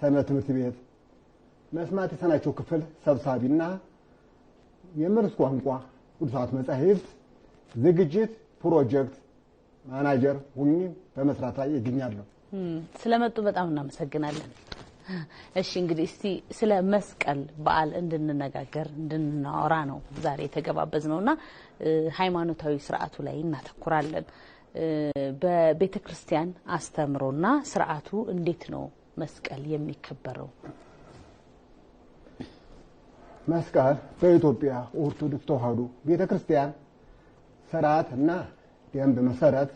ሰነ ትምህርት ቤት መስማት የተሳናቸው ክፍል ሰብሳቢና የምርስ ቋንቋ ቅዱሳት መጻሕፍት ዝግጅት ፕሮጀክት ማናጀር ሁኚ በመስራት ላይ ይገኛለሁ። ስለመጡ በጣም እናመሰግናለን። እሺ እንግዲህ እስቲ ስለ መስቀል በዓል እንድንነጋገር እንድናወራ ነው ዛሬ የተገባበዝ ነውና ሃይማኖታዊ ስርዓቱ ላይ እናተኩራለን። በቤተ ክርስቲያን አስተምሮና ስርዓቱ እንዴት ነው መስቀል የሚከበረው? መስቀል በኢትዮጵያ ኦርቶዶክስ ተዋህዶ ቤተ ክርስቲያን ስርዓት እና ደንብ መሰረት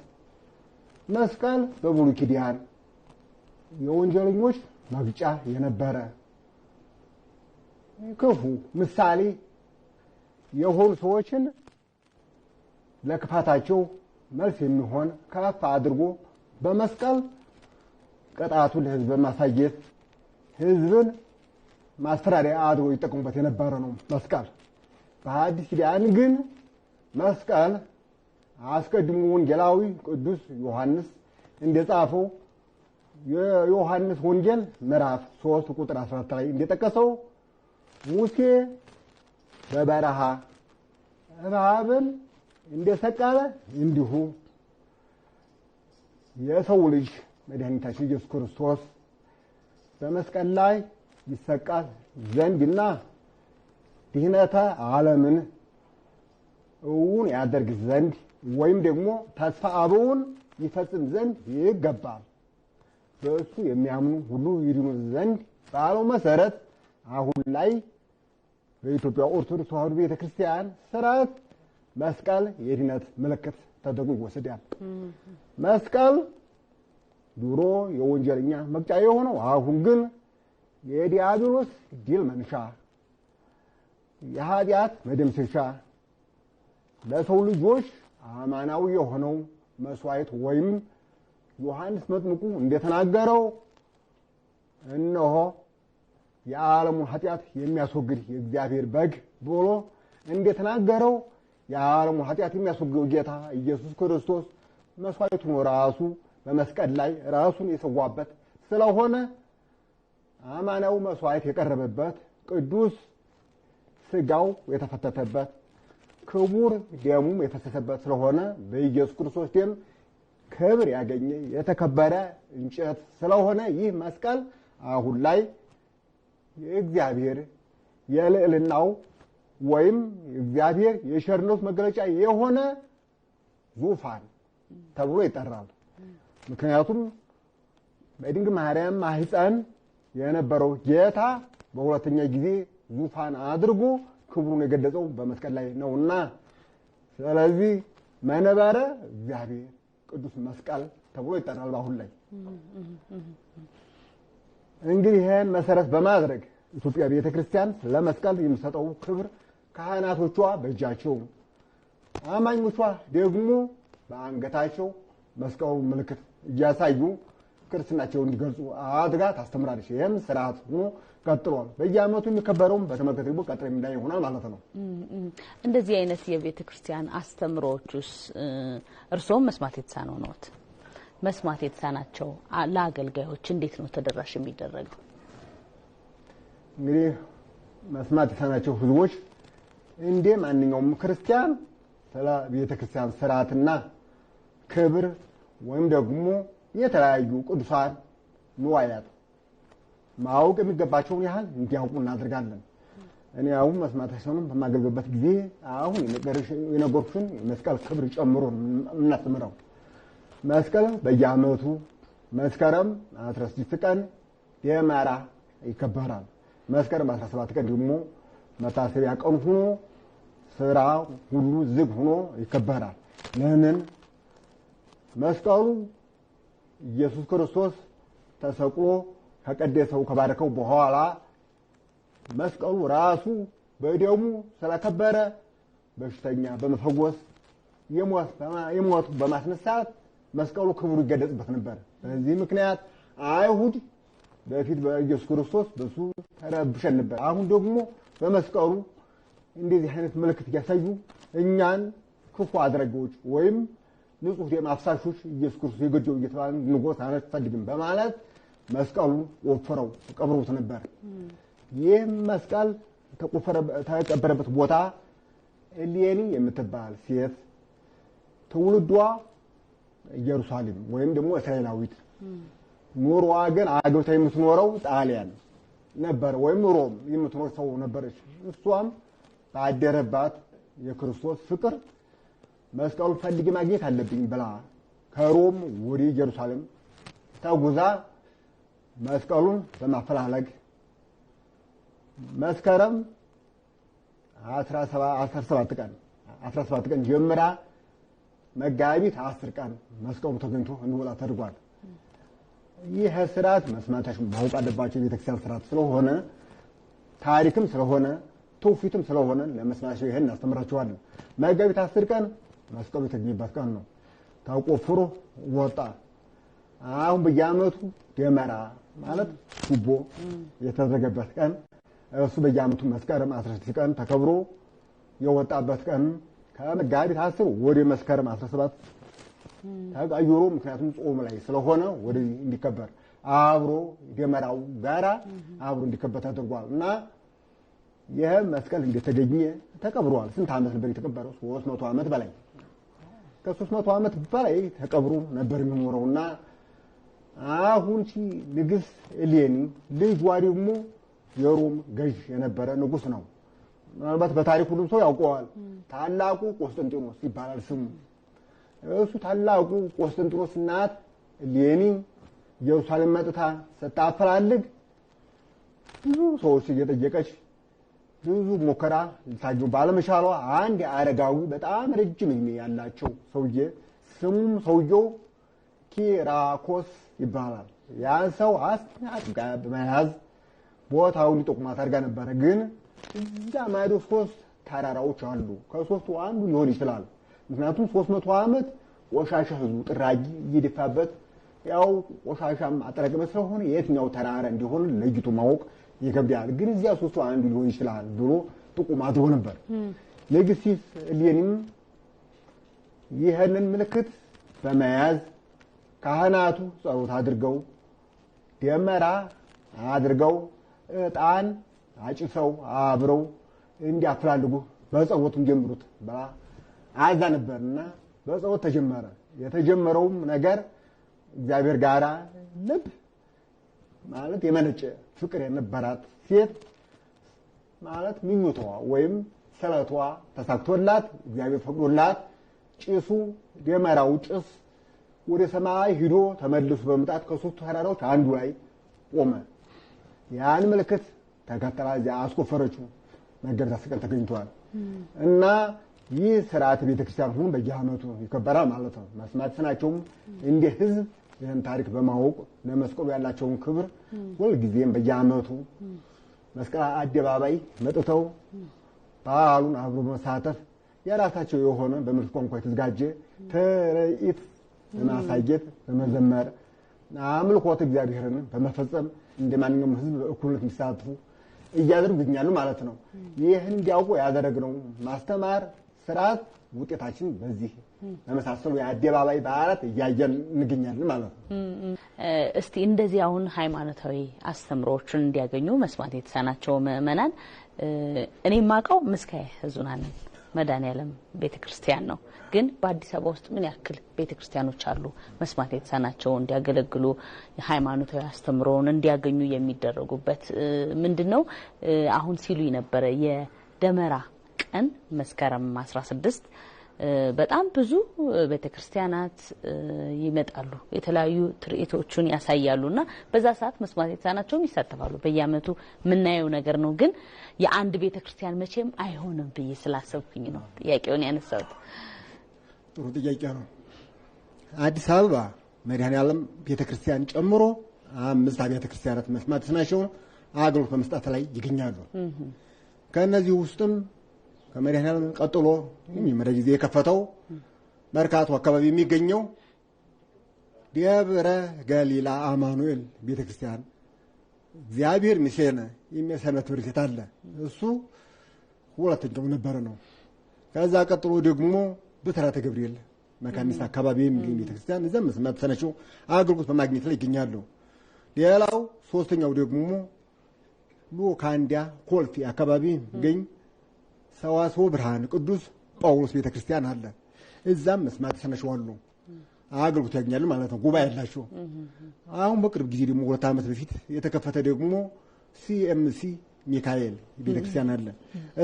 መስቀል በብሉይ ኪዳን የወንጀለኞች መግጫ የነበረ ክፉ ምሳሌ የሆኑ ሰዎችን ለክፋታቸው መልስ የሚሆን ከፍ አድርጎ በመስቀል ቅጣቱን ለህዝብ በማሳየት ህዝብን ማስፈራሪያ አድርጎ ይጠቀሙበት የነበረ ነው መስቀል። በሐዲስ ኪዳን ግን መስቀል አስቀድሞ ወንጌላዊ ቅዱስ ዮሐንስ እንደጻፈው የዮሐንስ ወንጌል ምዕራፍ 3 ቁጥር 14 ላይ እንደጠቀሰው ሙሴ በበረሃ እባብን እንደሰቀለ እንዲሁ የሰው ልጅ መድኃኒታችን ኢየሱስ ክርስቶስ በመስቀል ላይ ይሰቃል ዘንድና ድህነተ ዓለምን እውን ያደርግ ዘንድ ወይም ደግሞ ተስፋ አበውን ይፈጽም ዘንድ ይገባል። በእሱ የሚያምኑ ሁሉ ይድኑ ዘንድ ባለው መሰረት አሁን ላይ በኢትዮጵያ ኦርቶዶክስ ተዋሕዶ ቤተክርስቲያን ስርዓት መስቀል የድነት ምልክት ተደርጎ ይወሰዳል። መስቀል ድሮ የወንጀለኛ መቅጫ የሆነው አሁን ግን የዲያብሎስ ድል መንሻ የኃጢአት መደምሰሻ ለሰው ልጆች አማናዊ የሆነው መስዋዕት ወይም ዮሐንስ መጥምቁ እንደተናገረው እነሆ የዓለሙን ኃጢአት የሚያስወግድ የእግዚአብሔር በግ ብሎ እንደተናገረው የዓለሙን ኃጢአት የሚያስወግደው ጌታ ኢየሱስ ክርስቶስ መስዋዕቱን ራሱ በመስቀል ላይ ራሱን የሰዋበት ስለሆነ አማናዊ መስዋዕት የቀረበበት ቅዱስ ስጋው የተፈተተበት ክቡር ደሙም የፈሰሰበት ስለሆነ በኢየሱስ ክርስቶስ ደም ክብር ያገኘ የተከበረ እንጨት ስለሆነ ይህ መስቀል አሁን ላይ የእግዚአብሔር የልዕልናው ወይም እግዚአብሔር የቸርነቱ መገለጫ የሆነ ዙፋን ተብሎ ይጠራል። ምክንያቱም በድንግል ማርያም ማህፀን የነበረው ጌታ በሁለተኛ ጊዜ ዙፋን አድርጎ ክብሩን የገለጸው በመስቀል ላይ ነውና፣ ስለዚህ መንበረ እግዚአብሔር ቅዱስ መስቀል ተብሎ ይጠራል። በአሁን ላይ እንግዲህ ይህን መሰረት በማድረግ ኢትዮጵያ ቤተክርስቲያን ለመስቀል የምሰጠው ክብር ካህናቶቿ በእጃቸው፣ አማኞቿ ደግሞ በአንገታቸው መስቀው ምልክት እያሳዩ ክርስትናቸውን እንዲገልጹ አድጋ ታስተምራለች። ይህም ስርዓት ሆኖ ቀጥሏል። በየአመቱ የሚከበረውም በተመልከት ግቡ ቀጣይ የሚዳ ይሆናል ማለት ነው። እንደዚህ አይነት የቤተ ክርስቲያን አስተምሮዎቹስ እርስዎም መስማት የተሳነው ነዎት? መስማት የተሳናቸው ለአገልጋዮች እንዴት ነው ተደራሽ የሚደረገው? እንግዲህ መስማት የተሳናቸው ህዝቦች እንደ ማንኛውም ክርስቲያን ስለ ቤተ ክርስቲያን ስርዓትና ክብር ወይም ደግሞ የተለያዩ ቅዱሳን ንዋያት ማወቅ የሚገባቸውን ያህል እንዲያውቁ እናደርጋለን። እኔ አሁን መስማት አይሰሙም በማገልግበት ጊዜ አሁን የነገርኩሽን መስቀል ክብር ጨምሮ የምናስተምረው መስቀል በየዓመቱ መስከረም 16 ቀን ደመራ ይከበራል። መስከረም 17 ቀን ደግሞ መታሰቢያ ቀን ሆኖ ስራ ሁሉ ዝግ ሆኖ ይከበራል። ለምን መስቀሉ ኢየሱስ ክርስቶስ ተሰቅሎ ከቀደሰው ከባረከው በኋላ መስቀሉ ራሱ በደሙ ስለከበረ በሽተኛ በመፈወስ የሞት በማስነሳት መስቀሉ ክብሩ ይገለጽበት ነበር። በዚህ ምክንያት አይሁድ በፊት በኢየሱስ ክርስቶስ በሱ ተረብሸን ነበር። አሁን ደግሞ በመስቀሉ እንደዚህ አይነት ምልክት እያሳዩ እኛን ክፉ አድራጊዎች ወይም ንጹህ ደም አፍሳሾች ኢየሱስ ክርስቶስ የገደሉ እየተባለ ንጎስ አንፈልግም በማለት መስቀሉ ወፈረው ቀብሮት ነበር። ይህም መስቀል ተቀበረበት ቦታ እሌኒ የምትባል ሴት ትውልዷ ኢየሩሳሌም ወይም ደግሞ እስራኤላዊት ኑሮዋ ግን አግብታ የምትኖረው ጣሊያን ነበር ወይም ሮም የምትኖር ሰው ነበረች። እሷም ባደረባት የክርስቶስ ፍቅር መስቀሉን ፈልጌ ማግኘት አለብኝ ብላ ከሮም ወደ ኢየሩሳሌም ተጉዛ መስቀሉን በማፈላለግ መስከረም 17 ቀን 17 ቀን ጀምራ መጋቢት 10 ቀን መስቀሉ ተገኝቶ እንውላ ተደርጓል። ይህ ስርዓት መስማታሽ ማወቅ አለባቸው። የቤተክርስቲያን ስርዓት ስለሆነ ታሪክም ስለሆነ ትውፊትም ስለሆነ ለመስማታቸው ይህን እናስተምራችኋለን። መጋቢት 10 ቀን መስቀሉ የተገኘበት ቀን ነው። ተቆፍሮ ወጣ። አሁን በየአመቱ ደመራ ማለት ጉቦ የተደረገበት ቀን እሱ በየአመቱ መስከረም 16 ቀን ተከብሮ የወጣበት ቀን ከመጋቢት አስር ወደ መስከረም 17 ተቀይሮ ምክንያቱም ጾም ላይ ስለሆነ ወደ እንዲከበር አብሮ ደመራው ጋራ አብሮ እንዲከበር ተደርጓል እና ይህ መስቀል እንደተገኘ ተቀብሯል። ስንት ዓመት ነበር የተቀበረው? ሶስት መቶ ዓመት በላይ ከሶስት መቶ ዓመት በላይ ተቀብሮ ነበር የሚኖረውና አሁን ቺ ንግስት እሌኒ ልጇ ደግሞ የሮም ገዥ የነበረ ንጉስ ነው። ምናልባት በታሪክ ሁሉም ሰው ያውቀዋል። ታላቁ ቆስጠንጢኖስ ይባላል ስሙ። እሱ ታላቁ ቆስጠንጢኖስ እናት እሌኒ ኢየሩሳሌም መጥታ ስታፈላልግ ብዙ ሰዎች እየጠየቀች ብዙ ሙከራ ልታገኙ ባለመቻሏ አንድ አረጋዊ በጣም ረጅም እድሜ ያላቸው ሰውዬ ስሙም ሰውየው ኪራኮስ ይባላል። ያን ሰው አስናጥጋ በመያዝ ቦታውን ጠቁማ ታርጋ ነበረ። ግን እዛ ማዶ ሶስት ተራራዎች አሉ። ከሶስቱ አንዱ ሊሆን ይችላል። ምክንያቱም ሶስት መቶ ዓመት ቆሻሻ ህዝቡ ጥራጊ እየደፋበት ያው ቆሻሻም አጠራቀመ ስለሆነ የትኛው ተራራ እንዲሆን ለይቱ ማወቅ ይከብዳል፣ ግን እዚያ ሶስቱ አንዱ ሊሆን ይችላል ብሎ ጥቁም አድሮ ነበር። ሌግሲስ ሌኒም ይህንን ምልክት በመያዝ ካህናቱ ጸሎት አድርገው ደመራ አድርገው ዕጣን አጭሰው አብረው እንዲያፈላልጉ በጸሎት ጀምሩት ብላ አዛ ነበርና በጸሎት ተጀመረ። የተጀመረውም ነገር እግዚአብሔር ጋራ ልብ ማለት የመነጨ ፍቅር የነበራት ሴት ማለት ምኞቷ ወይም ሰበቷ ተሳክቶላት እግዚአብሔር ፈቅዶላት ጭሱ ደመራው ጭስ ወደ ሰማይ ሂዶ ተመልሶ በመምጣት ከሶስቱ ተራራዎች አንዱ ላይ ቆመ። ያን ምልክት ተከተላ እዚያ አስቆፈረችው። መገብ ታስቀል ተገኝቷል እና ይህ ስርዓት ቤተክርስቲያን ሁን በየአመቱ ይከበራል ማለት ነው። መስማት ስናቸውም እንደ ህዝብ ይህን ታሪክ በማወቅ ለመስቀሉ ያላቸውን ክብር ሁልጊዜም በየአመቱ መስቀል አደባባይ መጥተው በዓሉን አብሮ መሳተፍ የራሳቸው የሆነ በምርት ቋንቋ የተዘጋጀ ትርኢት በማሳየት በመዘመር አምልኮት እግዚአብሔርን በመፈጸም እንደ ማንኛውም ሕዝብ በእኩልነት እንዲሳትፉ እያደረጉኛሉ ማለት ነው። ይህን እንዲያውቁ ያደረግነው ማስተማር ስርዓት ውጤታችን በዚህ በመሳሰሉ የአደባባይ በዓላት እያየን እንገኛለን ማለት ነው። እስቲ እንደዚህ አሁን ሃይማኖታዊ አስተምሮዎችን እንዲያገኙ መስማት የተሳናቸው ምእመናን እኔ የማውቀው ምስካየ ሕዙናን መድኃኔዓለም ቤተ ክርስቲያን ነው። ግን በአዲስ አበባ ውስጥ ምን ያክል ቤተ ክርስቲያኖች አሉ መስማት የተሳናቸው እንዲያገለግሉ ሃይማኖታዊ አስተምሮውን እንዲያገኙ የሚደረጉበት ምንድን ነው? አሁን ሲሉ ነበረ የደመራ ቀን መስከረም 16 በጣም ብዙ ቤተክርስቲያናት ይመጣሉ፣ የተለያዩ ትርኢቶቹን ያሳያሉና በዛ ሰዓት መስማት የተሳናቸውም ይሳተፋሉ። በየአመቱ የምናየው ነገር ነው። ግን የአንድ ቤተክርስቲያን መቼም አይሆንም ብዬ ስላሰብኩኝ ነው ጥያቄውን ያነሳሁት። ጥሩ ጥያቄ ነው። አዲስ አበባ መድኃኔዓለም ቤተክርስቲያን ጨምሮ አምስት አብያተ ክርስቲያናት መስማት የተሳናቸውን አገልግሎት በመስጠት ላይ ይገኛሉ። ከእነዚህ ውስጥም ከመድኃኔዓለም ቀጥሎ የሚመረ ጊዜ የከፈተው መርካቶ አካባቢ የሚገኘው ደብረ ገሊላ አማኑኤል ቤተክርስቲያን እግዚአብሔር ሚሴነ የሚያሰነት ብርሴት አለ። እሱ ሁለተኛው ነበረ ነው። ከዛ ቀጥሎ ደግሞ ብስራተ ገብርኤል መካኒስ አካባቢ የሚገኝ ቤተክርስቲያን እዚያም መሰነችው አገልግሎት በማግኘት ላይ ይገኛሉ። ሌላው ሶስተኛው ደግሞ ሉካንዲያ ኮልፌ አካባቢ የሚገኝ ሰዋስወ ብርሃን ቅዱስ ጳውሎስ ቤተ ክርስቲያን አለ። እዛም መስማት ተነሽዋሉ አገልግሎት ያገኛሉ ማለት ነው። ጉባኤ ያላቸው አሁን በቅርብ ጊዜ ደግሞ ሁለት ዓመት በፊት የተከፈተ ደግሞ ሲኤምሲ ሚካኤል ቤተክርስቲያን አለ።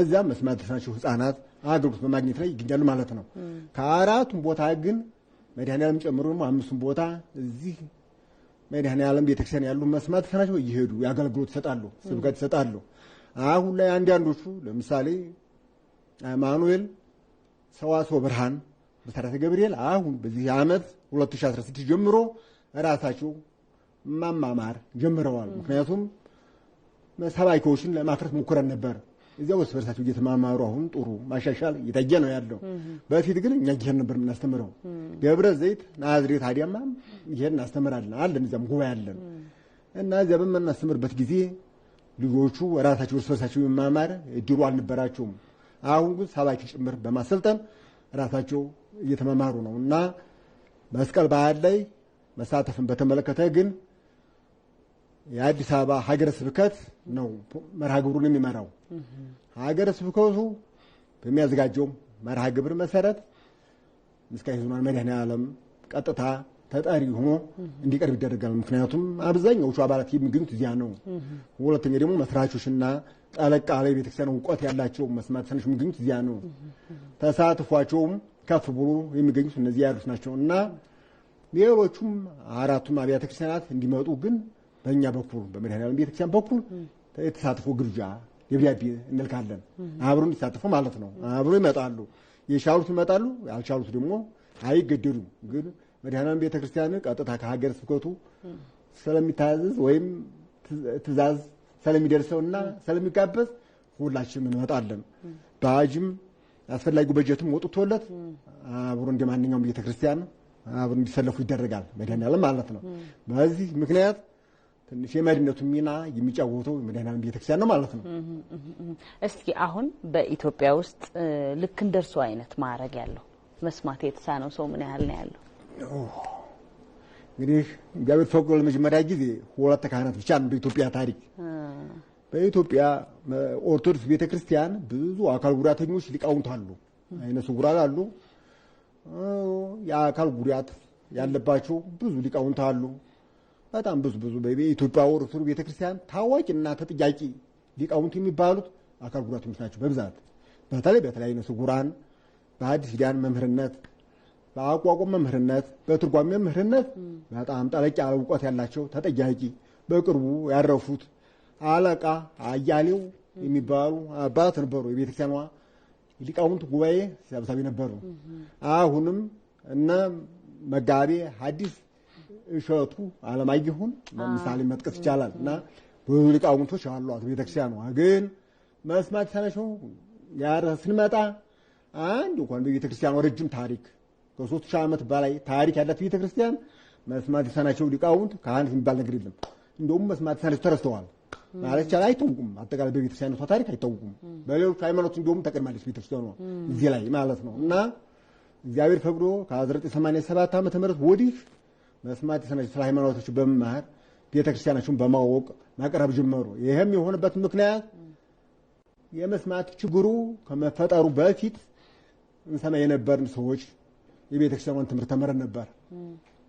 እዛም መስማት የተሳናቸው ህጻናት አገልግሎት በማግኘት ላይ ይገኛሉ ማለት ነው። ከአራቱም ቦታ ግን መድኃኔዓለም ጨምሮ ደግሞ አምስቱም ቦታ እዚህ መድኃኔዓለም ቤተክርስቲያን ያሉ መስማት የተሳናቸው እየሄዱ የአገልግሎት ይሰጣሉ፣ ስብከት ይሰጣሉ። አሁን ላይ አንዳንዶቹ ለምሳሌ ማኑኤል ሰዋስወ ብርሃን መሰረተ ገብርኤል አሁን በዚህ ዓመት 2016 ጀምሮ ራሳቸው ማማማር ጀምረዋል። ምክንያቱም ሰባኪዎችን ለማፍረት ሞክረን ነበር። እዚያው ውስጥ በርሳቸው እየተማማሩ አሁን ጥሩ ማሻሻል እየታየ ነው ያለው። በፊት ግን እኛ ይሄን ነበር የምናስተምረው። ደብረ ዘይት፣ ናዝሬት፣ አዲያማ ይሄን እናስተምራለን አለን። እዚያም ጉባኤ አለን እና እዚያ በምናስተምርበት ጊዜ ልጆቹ ራሳቸው እርስ በርሳቸው የመማማር እድሉ አልነበራቸውም። አሁን ግን ሰባኪ ጭምር በማሰልጠን ራሳቸው እየተመማሩ ነው እና መስቀል በዓል ላይ መሳተፍን በተመለከተ ግን የአዲስ አበባ ሀገረ ስብከት ነው መርሃ ግብሩን የሚመራው። ሀገረ ስብከቱ በሚያዘጋጀው መርሃ ግብር መሰረት ምስካየ ሕዙናን መድኃኔ ዓለም ቀጥታ ተጠሪ ሆኖ እንዲቀርብ ይደረጋል። ምክንያቱም አብዛኛዎቹ አባላት የሚገኙት እዚያ ነው። ሁለተኛ ደግሞ መስራቾችና ጠለቅ ያለ ቤተክርስቲያን እውቀት ያላቸው መስማተኞች የሚገኙት እዚያ ነው። ተሳትፏቸውም ከፍ ብሎ የሚገኙት እነዚህ ያሉት ናቸው እና ሌሎቹም አራቱም አብያተ ክርስቲያናት እንዲመጡ ግን በእኛ በኩል በመድኃኔዓለም ቤተክርስቲያን በኩል የተሳትፎ ግብዣ ደብዳቤ እንልካለን። አብሮ እንዲሳትፎ ማለት ነው። አብሮ ይመጣሉ። የቻሉት ይመጣሉ፣ ያልቻሉት ደግሞ አይገደዱም ግን መድኃኔዓለም ቤተ ክርስቲያን ቀጥታ ከሀገር ስብከቱ ስለሚታዘዝ ወይም ትእዛዝ ስለሚደርሰውና ስለሚጋበዝ ሁላችንም እንመጣለን። በአጅም አስፈላጊው በጀትም ወጥቶለት አብሮ እንደ ማንኛውም ቤተ ክርስቲያን አብሮ እንዲሰለፉ ይደረጋል። መድኃኔዓለም ማለት ነው። በዚህ ምክንያት ትንሽ የመሪነቱ ሚና የሚጫወተው መድኃኔዓለም ቤተክርስቲያን ነው ማለት ነው። እስኪ አሁን በኢትዮጵያ ውስጥ ልክ እንደርሱ አይነት ማዕረግ ያለው መስማት የተሳነው ሰው ምን ያህል ነው ያለው? እንግዲህ እግዚአብሔር ተወክሎ ለመጀመሪያ ጊዜ ሁለት ካህናት ብቻ በኢትዮጵያ ታሪክ። በኢትዮጵያ ኦርቶዶክስ ቤተክርስቲያን ብዙ አካል ጉዳተኞች ሊቃውንት አሉ፣ አይነ ስውራን አሉ፣ የአካል ጉዳት ያለባቸው ብዙ ሊቃውንት አሉ። በጣም ብዙ ብዙ በኢትዮጵያ ኦርቶዶክስ ቤተክርስቲያን ታዋቂና ተጠያቂ ሊቃውንት የሚባሉት አካል ጉዳተኞች ናቸው በብዛት በተለይ በተለይ አይነ ስውራን በአዲስ ኪዳን መምህርነት በአቋቋም መምህርነት፣ በትርጓሜ መምህርነት በጣም ጠለቅ ያለ እውቀት ያላቸው ተጠያቂ በቅርቡ ያረፉት አለቃ አያሌው የሚባሉ አባት ነበሩ። የቤተክርስቲያኗ ሊቃውንት ጉባኤ ሰብሳቢ ነበሩ። አሁንም እነ መጋቤ ሐዲስ እሸቱ አለማየሁን ምሳሌ መጥቀስ ይቻላል። እና ብዙ ሊቃውንቶች አሏት ቤተክርስቲያኗ። ግን መስማት ሳነሸው ያረ ስንመጣ አንድ እንኳን በቤተክርስቲያኗ ረጅም ታሪክ ከሶስት ሺህ ዓመት በላይ ታሪክ ያላት ቤተ ክርስቲያን መስማት የተሳናቸው ሊቃውንት ካህናት የሚባል ነገር የለም። እንደውም መስማት የተሳናቸው ተረስተዋል ማለት ይቻላል። አይታወቁም። አጠቃላይ በቤተክርስቲያኗ ታሪክ አይታወቁም። በሌሎች ሃይማኖት እንደውም ተቀድማለች ቤተክርስቲያኗ እዚህ ላይ ማለት ነው እና እግዚአብሔር ፈቅዶ ከ1987 ዓ ም ወዲህ መስማት የተሳናቸው ስለ ሃይማኖቶች በመማር ቤተክርስቲያናቸውን በማወቅ ማቅረብ ጀመሩ። ይህም የሆነበት ምክንያት የመስማት ችግሩ ከመፈጠሩ በፊት እንሰማ የነበርን ሰዎች የቤተክርስቲያኗን ትምህርት ተምረን ነበር።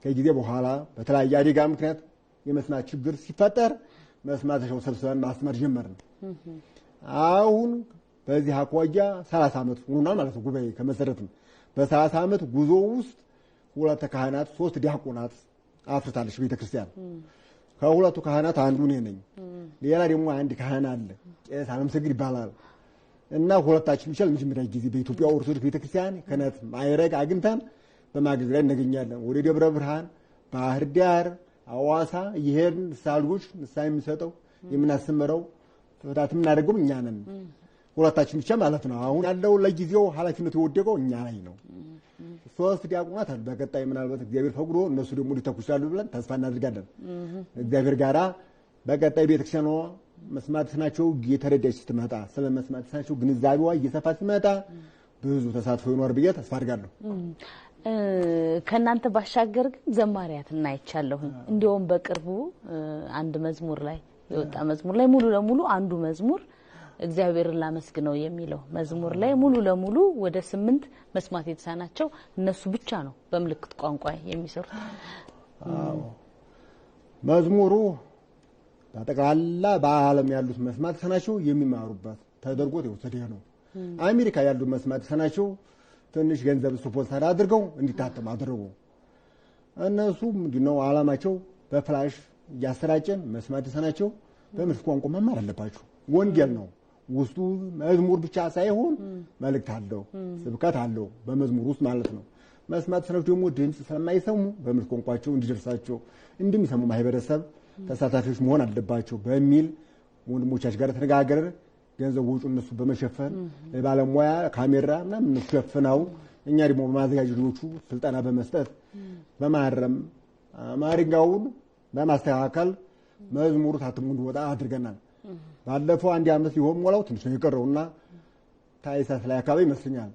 ከጊዜ በኋላ በተለያየ አደጋ ምክንያት የመስማት ችግር ሲፈጠር መስማት ሰው ሰብስበን ማስተማር ጀመርን። አሁን በዚህ አኳያ 30 ዓመት ሆኖናል ማለት ነው። ጉባኤ ከመሰረትም በ30 ዓመት ጉዞ ውስጥ ሁለት ካህናት፣ ሶስት ዲያቆናት አፍርታለች ቤተክርስቲያን። ከሁለቱ ካህናት አንዱ እኔ ነኝ። ሌላ ደግሞ አንድ ካህን አለ ቄስ አለምሰግድ ይባላል። እና ሁለታችን ይቻል መጀመሪያ ጊዜ በኢትዮጵያ ኦርቶዶክስ ቤተክርስቲያን ክህነት ማዕረግ አግኝተን በማገልግ ላይ እንገኛለን። ወደ ደብረ ብርሃን፣ ባህር ዳር፣ አዋሳ እየሄድን ንስሐ ልጆች ንስሐ የምንሰጠው የምናስተምረው ተፈታት የምናደርገው እኛ ነን። ሁለታችን ብቻ ማለት ነው። አሁን ያለው ለጊዜው ኃላፊነቱ የወደቀው እኛ ላይ ነው። ሶስት ዲያቆናት አሉ። በቀጣይ ምናልባት እግዚአብሔር ፈቅዶ እነሱ ደግሞ ሊተኩ ይችላሉ ብለን ተስፋ እናድርጋለን። እግዚአብሔር ጋራ በቀጣይ ቤተክርስቲያኗ መስማት ስናቸው የተረዳች ስትመጣ ስለ መስማት ግንዛቤዋ እየሰፋ ስትመጣ ብዙ ተሳትፎ ይኖር ብዬ ተስፋ አድርጋለሁ። ከእናንተ ባሻገር ግን ዘማሪያት እናይቻለሁኝ። እንዲሁም በቅርቡ አንድ መዝሙር ላይ የወጣ መዝሙር ላይ ሙሉ ለሙሉ አንዱ መዝሙር እግዚአብሔርን ላመስግነው የሚለው መዝሙር ላይ ሙሉ ለሙሉ ወደ ስምንት መስማት የተሳናቸው እነሱ ብቻ ነው በምልክት ቋንቋ የሚሰሩት መዝሙሩ በጠቅላላ በዓለም ያሉት መስማት ተሳናቸው የሚማሩበት ተደርጎ የወሰደ ነው። አሜሪካ ያሉት መስማት ተሳናቸው ትንሽ ገንዘብ ስፖንሰር አድርገው እንዲታተም አድርጉ። እነሱ ምንድነው አላማቸው? በፍላሽ እያሰራጨን መስማት ተሳናቸው በምልክት ቋንቋ መማር አለባቸው። ወንጌል ነው ውስጡ መዝሙር ብቻ ሳይሆን መልእክት አለው፣ ስብከት አለው በመዝሙር ውስጥ ማለት ነው። መስማት ተሳናቸው ደግሞ ድምፅ ስለማይሰሙ በምልክት ቋንቋቸው እንዲደርሳቸው እንደሚሰሙ ማህበረሰብ ተሳታፊዎች መሆን አለባቸው በሚል ወንድሞቻች ጋር ተነጋገር ገንዘብ ወጪ እነሱ በመሸፈን ባለሙያ ካሜራ ምናምን ሸፍነው እኛ ደግሞ በማዘጋጀቶቹ ስልጠና በመስጠት በማረም ማሪንጋውን በማስተካከል መዝሙሩ ታትሞ እንዲወጣ አድርገናል። ባለፈው አንድ ዓመት ሊሆን ሞላው ትንሽ ነው የቀረውና ታይሳስ ላይ አካባቢ ይመስለኛል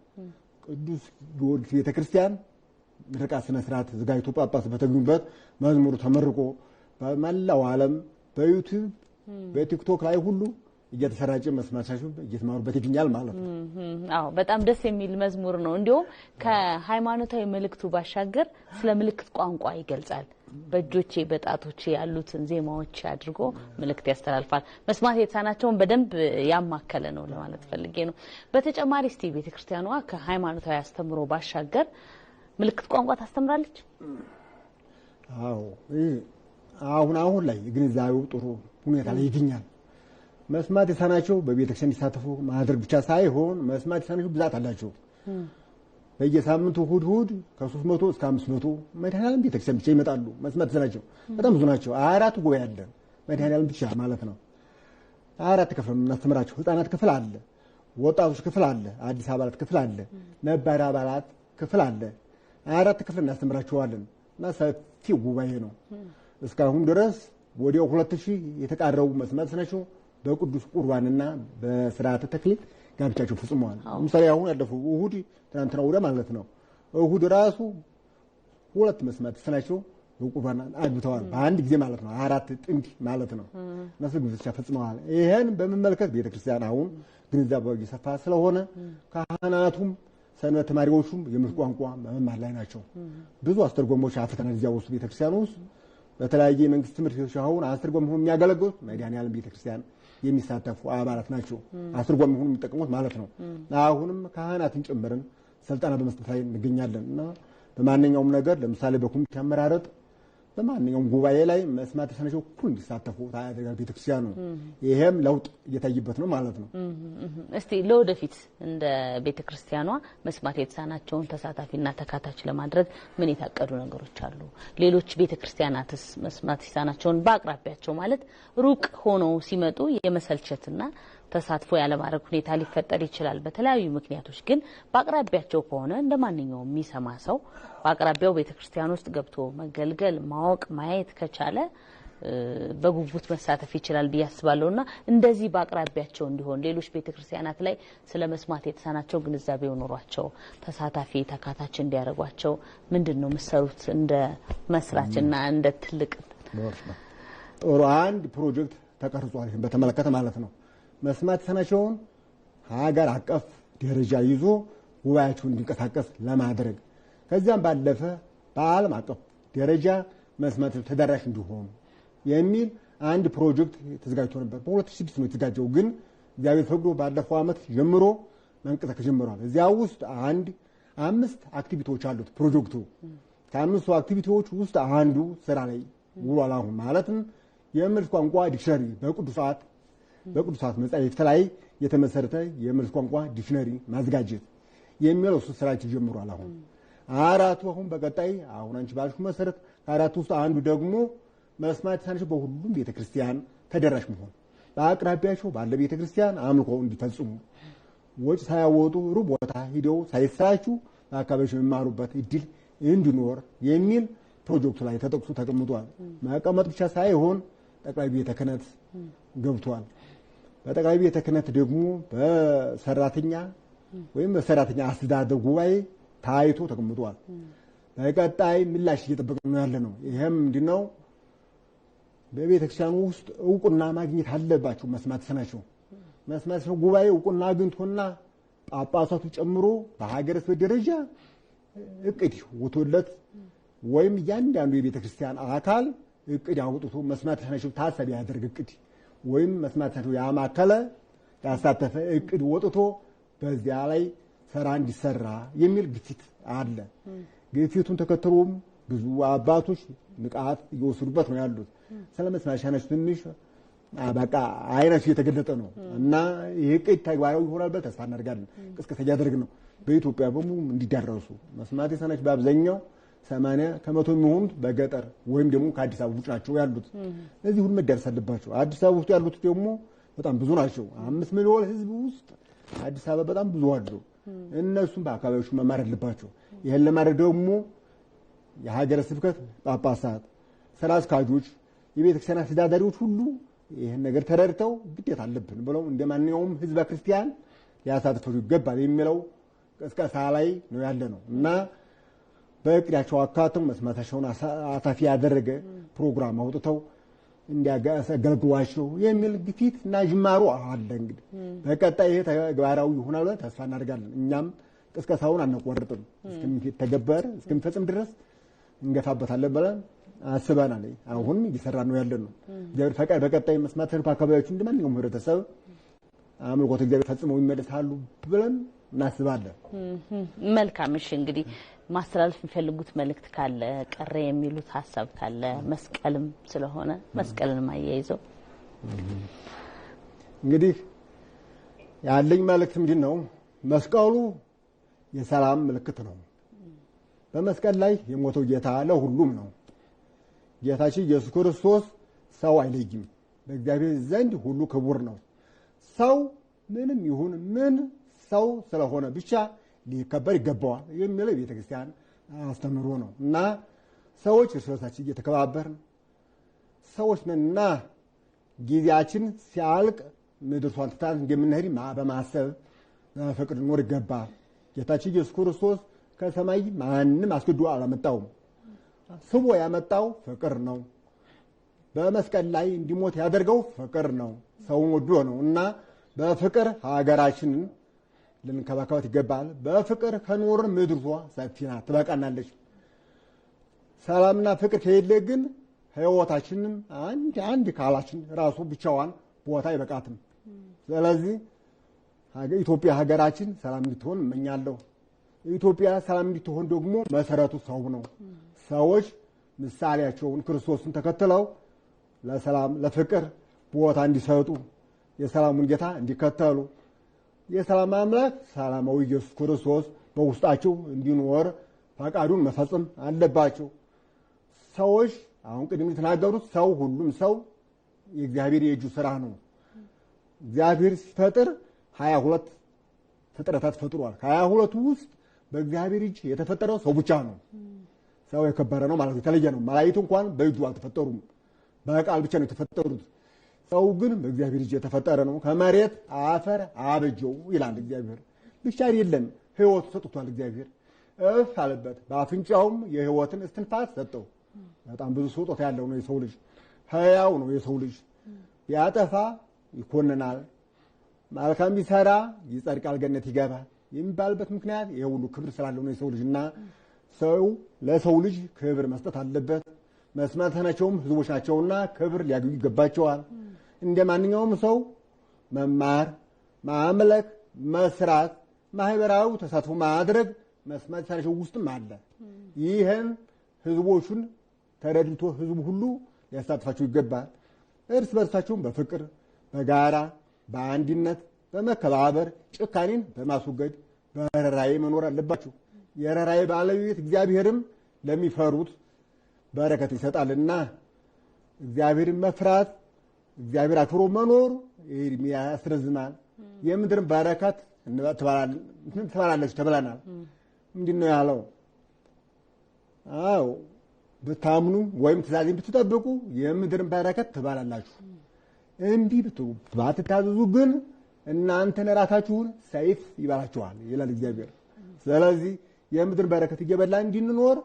ቅዱስ ጊዮርጊስ ቤተክርስቲያን ምርቃት ስነስርዓት ስርዓት ጳጳስ በተገኙበት መዝሙሩ ተመርቆ በመላው ዓለም በዩቲዩብ በቲክቶክ ላይ ሁሉ እየተሰራጨ መስማቻችሁ እየተማሩበት ይገኛል ማለት ነው። አዎ በጣም ደስ የሚል መዝሙር ነው። እንዲሁም ከሃይማኖታዊ መልእክቱ ባሻገር ስለ ምልክት ቋንቋ ይገልጻል። በእጆቼ በጣቶቼ ያሉትን ዜማዎች አድርጎ ምልክት ያስተላልፋል። መስማት የተሳናቸውን በደንብ ያማከለ ነው ለማለት ፈልጌ ነው። በተጨማሪ እስቲ ቤተክርስቲያኗ ከሃይማኖታዊ አስተምሮ ባሻገር ምልክት ቋንቋ ታስተምራለች። አዎ አሁን አሁን ላይ ግንዛቤው ጥሩ ሁኔታ ላይ ይገኛል። መስማት የተሳናቸው በቤተክርስቲያን ይሳተፉ ማድረግ ብቻ ሳይሆን መስማት የተሳናቸው ብዛት አላቸው። በየሳምንቱ እሑድ እሑድ ከሶስት መቶ እስከ አምስት መቶ መድኃኔዓለም ቤተክርስቲያን ብቻ ይመጣሉ። መስማት የተሳናቸው በጣም ብዙ ናቸው። አራት ጉባኤ አለ መድኃኔዓለም ብቻ ማለት ነው። አራት ክፍል የምናስተምራቸው ህፃናት ክፍል አለ፣ ወጣቶች ክፍል አለ፣ አዲስ አባላት ክፍል አለ፣ ነባር አባላት ክፍል አለ። አራት ክፍል እናስተምራቸዋለን እና ሰፊ ጉባኤ ነው። እስካሁን ድረስ ወደ ሁለት ሺህ የተቃረቡ መስመር ስነሹ በቅዱስ ቁርባንና በስርዓተ ተክሊት ጋብቻቸው ፍጽመዋል። ምሳሌ አሁን ያለፈው እሁድ ትናንትና ወደ ማለት ነው እሁድ ራሱ ሁለት መስመር ስናቸው በቁርባን አግብተዋል። በአንድ ጊዜ ማለት ነው አራት ጥንድ ማለት ነው እነሱ ግብቻ ፈጽመዋል። ይህን በመመልከት ቤተክርስቲያን አሁን ግንዛቤው እየሰፋ ስለሆነ ካህናቱም ሰንበት ተማሪዎቹም የምስል ቋንቋ መማር ላይ ናቸው። ብዙ አስተርጎሞች አፍተናል እዚያ ውስጥ ቤተክርስቲያን ውስጥ በተለያየ የመንግስት ትምህርት ቤቶች አሁን አስርጎ መሆኑ የሚያገለግሉት መድኃኔዓለም ቤተክርስቲያን የሚሳተፉ አባላት ናቸው። አስርጎ መሆኑ የሚጠቅሙት ማለት ነው። አሁንም ካህናትን ጭምርን ስልጠና በመስጠት ላይ እንገኛለን እና በማንኛውም ነገር ለምሳሌ በኮሚቴ አመራረጥ በማንኛውም ጉባኤ ላይ መስማት የተሳናቸው እኩል እንዲሳተፉ ታደርጋለች ቤተክርስቲያን ነው። ይሄም ለውጥ እየታየበት ነው ማለት ነው። እስቲ ለወደፊት እንደ ቤተክርስቲያኗ መስማት የተሳናቸውን ተሳታፊና ተካታች ለማድረግ ምን የታቀዱ ነገሮች አሉ? ሌሎች ቤተክርስቲያናትስ መስማት የተሳናቸውን በአቅራቢያቸው ማለት ሩቅ ሆነው ሲመጡ የመሰልቸትና ተሳትፎ ያለማድረግ ሁኔታ ሊፈጠር ይችላል። በተለያዩ ምክንያቶች ግን በአቅራቢያቸው ከሆነ እንደ ማንኛውም የሚሰማ ሰው በአቅራቢያው ቤተ ክርስቲያን ውስጥ ገብቶ መገልገል፣ ማወቅ፣ ማየት ከቻለ በጉጉት መሳተፍ ይችላል ብዬ አስባለሁ እና እንደዚህ በአቅራቢያቸው እንዲሆን ሌሎች ቤተ ክርስቲያናት ላይ ስለ መስማት የተሳናቸው ግንዛቤው ኖሯቸው ተሳታፊ ተካታች እንዲያደርጓቸው ምንድን ነው የምሰሩት እንደ መስራች እና እንደ ትልቅ ጥሩ አንድ ፕሮጀክት ተቀርጿል በተመለከተ ማለት ነው። መስማት የተሳናቸውን ሀገር አቀፍ ደረጃ ይዞ ጉባኤያቸውን እንዲንቀሳቀስ ለማድረግ ከዚያም ባለፈ በዓለም አቀፍ ደረጃ መስማት ተደራሽ እንዲሆኑ የሚል አንድ ፕሮጀክት ተዘጋጅቶ ነበር። በ2006 ነው የተዘጋጀው። ግን እግዚአብሔር ፈቅዶ ባለፈው ዓመት ጀምሮ መንቀሳቀስ ጀምሯል። እዚያ ውስጥ አንድ አምስት አክቲቪቲዎች አሉት ፕሮጀክቱ። ከአምስቱ አክቲቪቲዎች ውስጥ አንዱ ስራ ላይ ውሏል። አሁን ማለትም የምልክት ቋንቋ ዲክሽነሪ በቅዱሳት በቅዱሳት መጻሕፍት ላይ የተመሰረተ የመልስ ቋንቋ ዲክሽነሪ ማዘጋጀት የሚለው እሱ ስራችን ጀምሯል። አሁን አራቱ አሁን በቀጣይ አሁን አንቺ ባልሽው መሰረት ከአራቱ ውስጥ አንዱ ደግሞ መስማት የተሳናቸው በሁሉም ቤተክርስቲያን ተደራሽ መሆን በአቅራቢያቸው ባለ ቤተክርስቲያን አምልኮ እንዲፈጽሙ ወጪ ሳያወጡ ሩብ ቦታ ሂደው ሳይሰራችሁ በአካባቢያቸው የሚማሩበት እድል እንዲኖር የሚል ፕሮጀክቱ ላይ ተጠቅሶ ተቀምጧል። መቀመጥ ብቻ ሳይሆን ጠቅላይ ቤተ ክህነት ገብቷል። በጠቅላይ ቤተ ክህነት ደግሞ በሰራተኛ ወይም በሰራተኛ አስተዳደር ጉባኤ ታይቶ ተቀምጧል። በቀጣይ ምላሽ እየጠበቀ ነው ያለ ነው። ይህም በቤተ በቤተክርስቲያኑ ውስጥ እውቅና ማግኘት አለባቸው። መስማት ስናቸው መስማት ስናቸው ጉባኤ እውቅና አግኝቶና ጳጳሳቱ ጨምሮ በሀገረ ስብከት ደረጃ እቅድ ወቶለት ወይም እያንዳንዱ ክርስቲያን አካል እቅድ አውጥቶ መስማት ስናቸው ታሳቢ ያደርግ እቅድ ወይም መስማታቸው ያማከለ ያሳተፈ እቅድ ወጥቶ በዚያ ላይ ስራ እንዲሰራ የሚል ግፊት አለ። ግፊቱን ተከትሎም ብዙ አባቶች ንቃት እየወሰዱበት ነው ያሉት። ስለ መስማት ሻነች ትንሽ በቃ አይነቱ እየተገለጠ ነው እና ይህ እቅድ ተግባራዊ ይሆናል ብለን ተስፋ እናደርጋለን። ቅስቀሳ እያደረግን ነው። በኢትዮጵያ በሙሉ እንዲዳረሱ መስማት የሰነች በአብዛኛው ሰማንያ ከመቶ የሚሆኑት በገጠር ወይም ደግሞ ከአዲስ አበባ ውጭ ናቸው ያሉት። እነዚህ ሁሉ መዳረስ አለባቸው። አዲስ አበባ ውስጥ ያሉት ደግሞ በጣም ብዙ ናቸው። አምስት ሚሊዮን ህዝብ ውስጥ አዲስ አበባ በጣም ብዙ አሉ። እነሱም በአካባቢዎቹ መማር አለባቸው። ይህን ለማድረግ ደግሞ የሀገረ ስብከት ጳጳሳት፣ ሰላስካጆች፣ የቤተክርስቲያን አስተዳዳሪዎች ሁሉ ይህን ነገር ተረድተው ግዴታ አለብን ብለው እንደ ማንኛውም ህዝበ ክርስቲያን ሊያሳትፈው ይገባል የሚለው ቅስቀሳ ላይ ነው ያለ ነው እና በእቅዳቸው አካተው መስማታቸውን አታፊ ያደረገ ፕሮግራም አውጥተው እንዲያገልግሏቸው የሚል ግፊት እና ጅማሩ አለ። እንግዲህ በቀጣይ ይሄ ተግባራዊ ይሆናል ብለን ተስፋ እናደርጋለን። እኛም ቅስቀሳውን አንቆርጥም፣ እስከሚተገበር እስከሚፈጽም ድረስ እንገፋበታለን ብለን አስበናል። አሁን እየሰራ ነው ያለን ነው። እግዚአብሔር ፈቃድ በቀጣይ መስማት ተርፍ አካባቢዎች እንደማንኛውም ህብረተሰብ አምልኮት እግዚአብሔር ፈጽመው ይመለሳሉ ብለን እናስባለን። መልካም። እሺ እንግዲህ ማስተላለፍ የሚፈልጉት መልእክት ካለ ቀረ የሚሉት ሀሳብ ካለ መስቀልም ስለሆነ መስቀልንም አያይዘው እንግዲህ ያለኝ መልእክት ምንድን ነው? መስቀሉ የሰላም ምልክት ነው። በመስቀል ላይ የሞተው ጌታ ለሁሉም ነው። ጌታችን ኢየሱስ ክርስቶስ ሰው አይለይም። በእግዚአብሔር ዘንድ ሁሉ ክቡር ነው። ሰው ምንም ይሁን ምን ሰው ስለሆነ ብቻ ሊከበር ይገባዋል የሚለው ቤተክርስቲያን አስተምሮ ነው እና ሰዎች እርስ በርሳችን እየተከባበርን ሰዎች ነንና ጊዜያችን ሲያልቅ ምድርቷን ትታን እንደምንሄድ በማሰብ ፍቅር ኖር ይገባል። ጌታችን ኢየሱስ ክርስቶስ ከሰማይ ማንም አስገዶ አላመጣውም። ስቦ ያመጣው ፍቅር ነው። በመስቀል ላይ እንዲሞት ያደርገው ፍቅር ነው። ሰውን ወዶ ነው እና በፍቅር ሀገራችንን ልንከባከባት ይገባል። በፍቅር ከኖርን ምድሯ ሰፊ ናት፣ ትበቃናለች። ሰላምና ፍቅር ከሌለ ግን ሕይወታችንም አንድ አንድ ካላችን ራሱ ብቻዋን ቦታ አይበቃትም። ስለዚህ ኢትዮጵያ ሀገራችን ሰላም እንድትሆን እመኛለሁ። ኢትዮጵያ ሰላም እንድትሆን ደግሞ መሰረቱ ሰው ነው። ሰዎች ምሳሌያቸውን ክርስቶስን ተከትለው ለሰላም ለፍቅር ቦታ እንዲሰጡ የሰላሙን ጌታ እንዲከተሉ የሰላም አምላክ ሰላማዊ ኢየሱስ ክርስቶስ በውስጣችሁ እንዲኖር ፈቃዱን መፈጸም አለባቸው። ሰዎች አሁን ቅድም የተናገሩት ሰው ሁሉም ሰው የእግዚአብሔር የእጁ ስራ ነው። እግዚአብሔር ሲፈጥር ሀያ ሁለት ፍጥረታት ፈጥሯል። ከሀያ ሁለቱ ውስጥ በእግዚአብሔር እጅ የተፈጠረው ሰው ብቻ ነው። ሰው የከበረ ነው ማለት ነው፣ የተለየ ነው። መላእክት እንኳን በእጁ አልተፈጠሩም፣ በቃል ብቻ ነው የተፈጠሩት። ሰው ግን በእግዚአብሔር እጅ የተፈጠረ ነው። ከመሬት አፈር አበጀው ይላል እግዚአብሔር። ብቻ አይደለም ህይወት ሰጥቷል እግዚአብሔር። እፍ አለበት፣ በአፍንጫውም የህይወትን እስትንፋት ሰጠው። በጣም ብዙ ስጦታ ያለው ነው የሰው ልጅ። ህያው ነው የሰው ልጅ። ያጠፋ ይኮንናል፣ መልካም ቢሰራ ይጸድቃል፣ ገነት ይገባል የሚባልበት ምክንያት ይሄ ሁሉ ክብር ስላለው ነው የሰው ልጅ እና ሰው ለሰው ልጅ ክብር መስጠት አለበት። መስማት ህዝቦች ናቸውና ክብር ሊያገኙ ይገባቸዋል። እንደ ማንኛውም ሰው መማር፣ ማምለክ፣ መስራት፣ ማህበራዊ ተሳትፎ ማድረግ መስማት የተሳናቸው ውስጥም አለ። ይህን ህዝቦቹን ተረድቶ ህዝቡ ሁሉ ሊያሳትፋቸው ይገባል። እርስ በርሳቸውን በፍቅር በጋራ በአንድነት በመከባበር ጭካኔን በማስወገድ በረራዬ መኖር አለባቸው የረራዬ ባለቤት እግዚአብሔርም ለሚፈሩት በረከት ይሰጣልና እግዚአብሔርን መፍራት እግዚአብሔር አክብሮ መኖር እድሜ ያስረዝማል። የምድርን ባረካት ትባላለች ተብለናል። ምንድን ነው ያለው? አዎ ብታምኑ ወይም ትእዛዜን ብትጠብቁ የምድርን ባረከት ትባላላችሁ። እንዲህ ባትታዘዙ ግን እናንተን ራሳችሁን ሰይፍ ይበላችኋል ይላል እግዚአብሔር። ስለዚህ የምድርን በረከት እየበላ እንድንኖር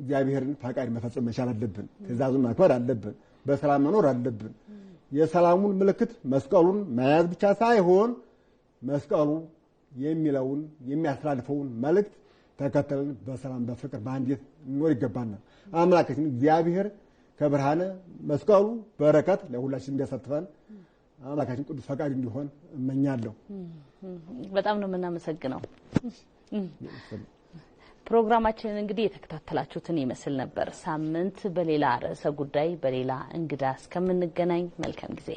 እግዚአብሔርን ፈቃድ መፈጸም መቻል አለብን። ትእዛዙን ማክበር አለብን። በሰላም መኖር አለብን። የሰላሙን ምልክት መስቀሉን መያዝ ብቻ ሳይሆን መስቀሉ የሚለውን የሚያስተላልፈውን መልእክት ተከተልን በሰላም በፍቅር በአንድነት እንኖር ይገባናል። አምላካችን እግዚአብሔር ከብርሃነ መስቀሉ በረከት ለሁላችን እንዲያሳትፈን አምላካችን ቅዱስ ፈቃድ እንዲሆን እመኛለሁ። በጣም ነው የምናመሰግነው። ፕሮግራማችንን እንግዲህ የተከታተላችሁትን ይመስል ነበር። ሳምንት በሌላ ርዕሰ ጉዳይ በሌላ እንግዳ እስከምንገናኝ መልካም ጊዜ